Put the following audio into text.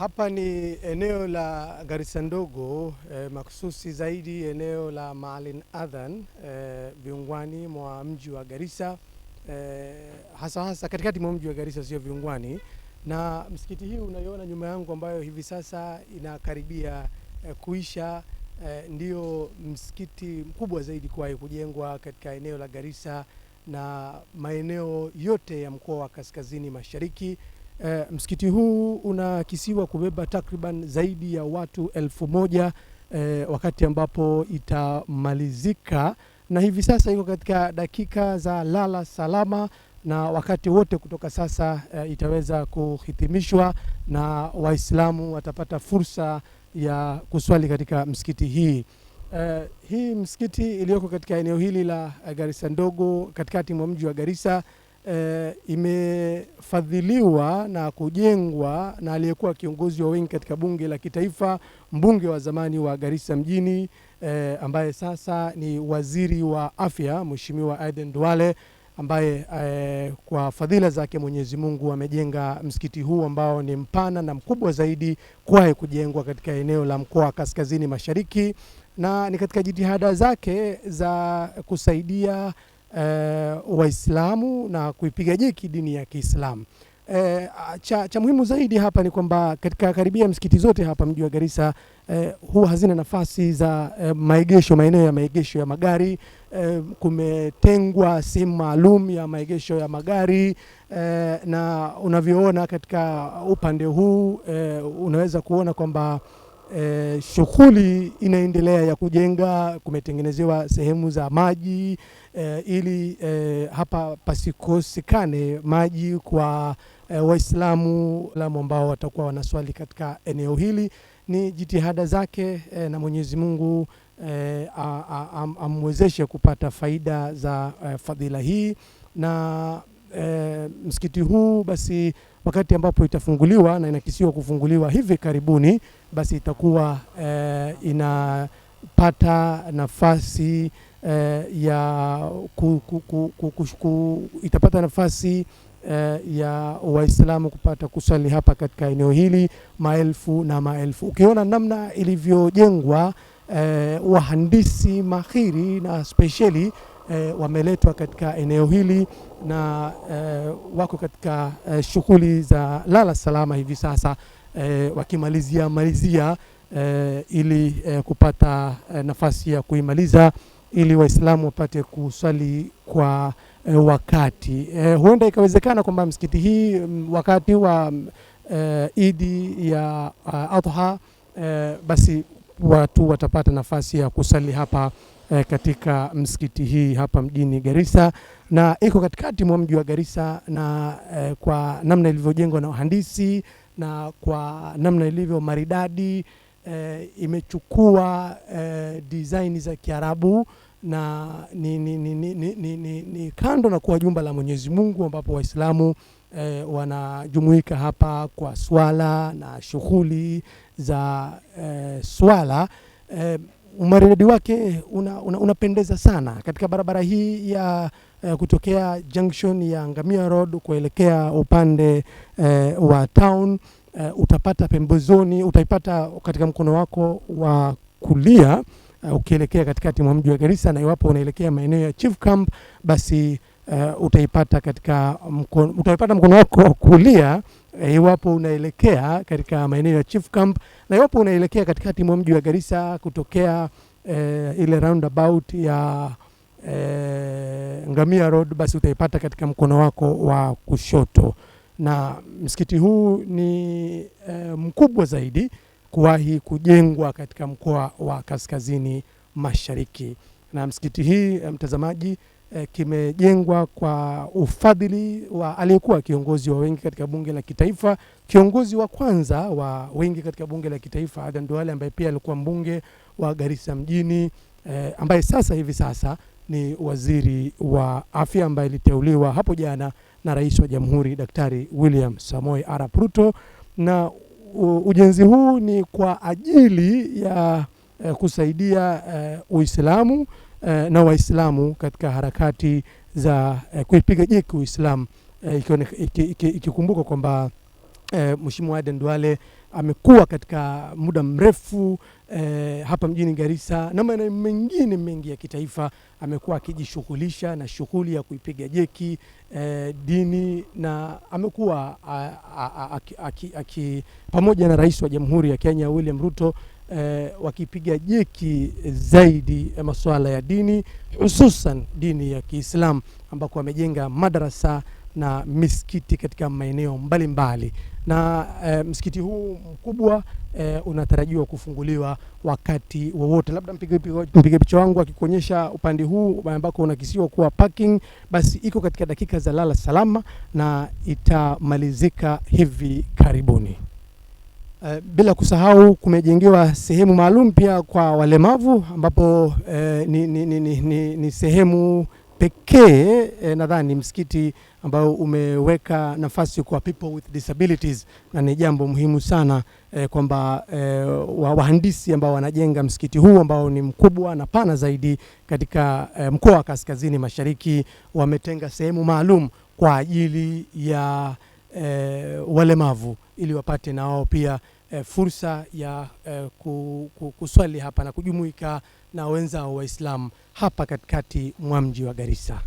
Hapa ni eneo la Garissa ndogo eh, makususi zaidi eneo la Maalin Adhan eh, viungwani mwa mji wa Garissa eh, hasa hasa katikati mwa mji wa Garissa, sio viungwani. Na msikiti hii unaiona nyuma yangu ambayo hivi sasa inakaribia eh, kuisha eh, ndio msikiti mkubwa zaidi kuwahi kujengwa katika eneo la Garissa na maeneo yote ya mkoa wa Kaskazini Mashariki. Eh, msikiti huu unakisiwa kubeba takriban zaidi ya watu elfu moja eh, wakati ambapo itamalizika, na hivi sasa iko katika dakika za lala salama, na wakati wote kutoka sasa eh, itaweza kuhitimishwa na Waislamu watapata fursa ya kuswali katika msikiti hii. Uh, hii msikiti iliyoko katika eneo hili la Garissa ndogo katikati mwa mji wa Garissa e, imefadhiliwa na kujengwa na aliyekuwa kiongozi wa wengi katika bunge la kitaifa, mbunge wa zamani wa Garissa mjini e, ambaye sasa ni waziri wa afya, Mheshimiwa Aden Duale ambaye e, kwa fadhila zake Mwenyezi Mungu amejenga msikiti huu ambao ni mpana na mkubwa zaidi kuwahi kujengwa katika eneo la mkoa wa Kaskazini Mashariki, na ni katika jitihada zake za kusaidia eh, Waislamu na kuipiga jeki dini ya Kiislamu. Eh, cha, cha muhimu zaidi hapa ni kwamba katika karibia msikiti zote hapa mji wa Garissa eh, huwa hazina nafasi za eh, maegesho, maeneo ya maegesho ya magari eh, kumetengwa sehemu maalum ya maegesho ya magari eh, na unavyoona katika upande huu eh, unaweza kuona kwamba eh, shughuli inaendelea ya kujenga, kumetengenezewa sehemu za maji eh, ili eh, hapa pasikosekane maji kwa eh, Waislamu ambao watakuwa wanaswali katika eneo hili. Ni jitihada zake eh, na Mwenyezi Mungu eh, amwezeshe kupata faida za eh, fadhila hii na eh, msikiti huu basi wakati ambapo itafunguliwa na inakisiwa kufunguliwa hivi karibuni, basi itakuwa eh, inapata nafasi eh, ya ku, ku, ku, ku, ku, ku, itapata nafasi eh, ya Waislamu kupata kusali hapa katika eneo hili maelfu na maelfu. Ukiona namna ilivyojengwa eh, wahandisi mahiri na spesheli e, wameletwa katika eneo hili na e, wako katika e, shughuli za lala salama hivi sasa e, wakimalizia malizia e, ili e, kupata e, nafasi ya kuimaliza ili Waislamu wapate kuswali kwa e, wakati e, huenda ikawezekana kwamba msikiti hii mm, wakati wa e, Idi ya Adha e, basi watu watapata nafasi ya kusali hapa eh, katika msikiti hii hapa mjini Garissa na iko katikati mwa mji wa Garissa na eh, kwa namna ilivyojengwa na wahandisi na kwa namna ilivyo maridadi eh, imechukua eh, design za Kiarabu na ni, ni, ni, ni, ni, ni, ni kando na kuwa jumba la Mwenyezi Mungu ambapo Waislamu E, wanajumuika hapa kwa swala na shughuli za e, swala e, umaridadi wake unapendeza una, una sana katika barabara hii ya uh, kutokea junction ya Ngamia Road kuelekea upande uh, wa town uh, utapata pembezoni, utaipata katika mkono wako wa kulia uh, ukielekea katikati mwa mji wa Garissa, na iwapo unaelekea maeneo ya Chief Camp basi uh, utaipata katika mkono, utaipata mkono wako wa kulia Eh, iwapo unaelekea katika maeneo ya Chief Camp na iwapo unaelekea katikati mwa mji wa Garissa kutokea e, ile roundabout ya e, Ngamia Road, basi utaipata katika mkono wako wa kushoto. Na msikiti huu ni e, mkubwa zaidi kuwahi kujengwa katika mkoa wa Kaskazini Mashariki. Na msikiti hii mtazamaji eh, kimejengwa kwa ufadhili wa aliyekuwa kiongozi wa wengi katika bunge la kitaifa, kiongozi wa kwanza wa wengi katika bunge la kitaifa Adan Duale, ambaye pia alikuwa mbunge wa Garissa mjini eh, ambaye sasa hivi sasa ni waziri wa afya ambaye aliteuliwa hapo jana na rais wa jamhuri Daktari William Samoei Arap Ruto, na ujenzi huu ni kwa ajili ya eh, kusaidia eh, Uislamu eh, na Waislamu katika harakati za eh, kuipiga jeki Uislamu eh, ikikumbuka kwamba eh, Mheshimiwa Aden Duale amekuwa katika muda mrefu eh, hapa mjini Garissa na maeneo mengine mengi ya kitaifa amekuwa akijishughulisha na shughuli ya kuipiga jeki eh, dini na amekuwa pamoja na Rais wa Jamhuri ya Kenya William Ruto eh, wakipiga jeki zaidi masuala ya dini hususan dini ya Kiislamu ambako wamejenga madarasa na misikiti katika maeneo mbalimbali na e, msikiti huu mkubwa e, unatarajiwa kufunguliwa wakati wowote. Labda mpige picha wangu akikuonyesha upande huu ambako unakisiwa kuwa parking, basi iko katika dakika za lala salama na itamalizika hivi karibuni. Uh, bila kusahau kumejengewa sehemu maalum pia kwa walemavu ambapo uh, ni, ni, ni, ni, ni sehemu pekee eh, nadhani msikiti ambao umeweka nafasi kwa people with disabilities, na ni jambo muhimu sana eh, kwamba eh, wahandisi ambao wanajenga msikiti huu ambao ni mkubwa na pana zaidi katika eh, mkoa wa Kaskazini Mashariki wametenga sehemu maalum kwa ajili ya e, walemavu ili wapate na wao pia e, fursa ya e, kuswali hapa na kujumuika na wenzao Waislamu hapa katikati mwa mji wa Garissa.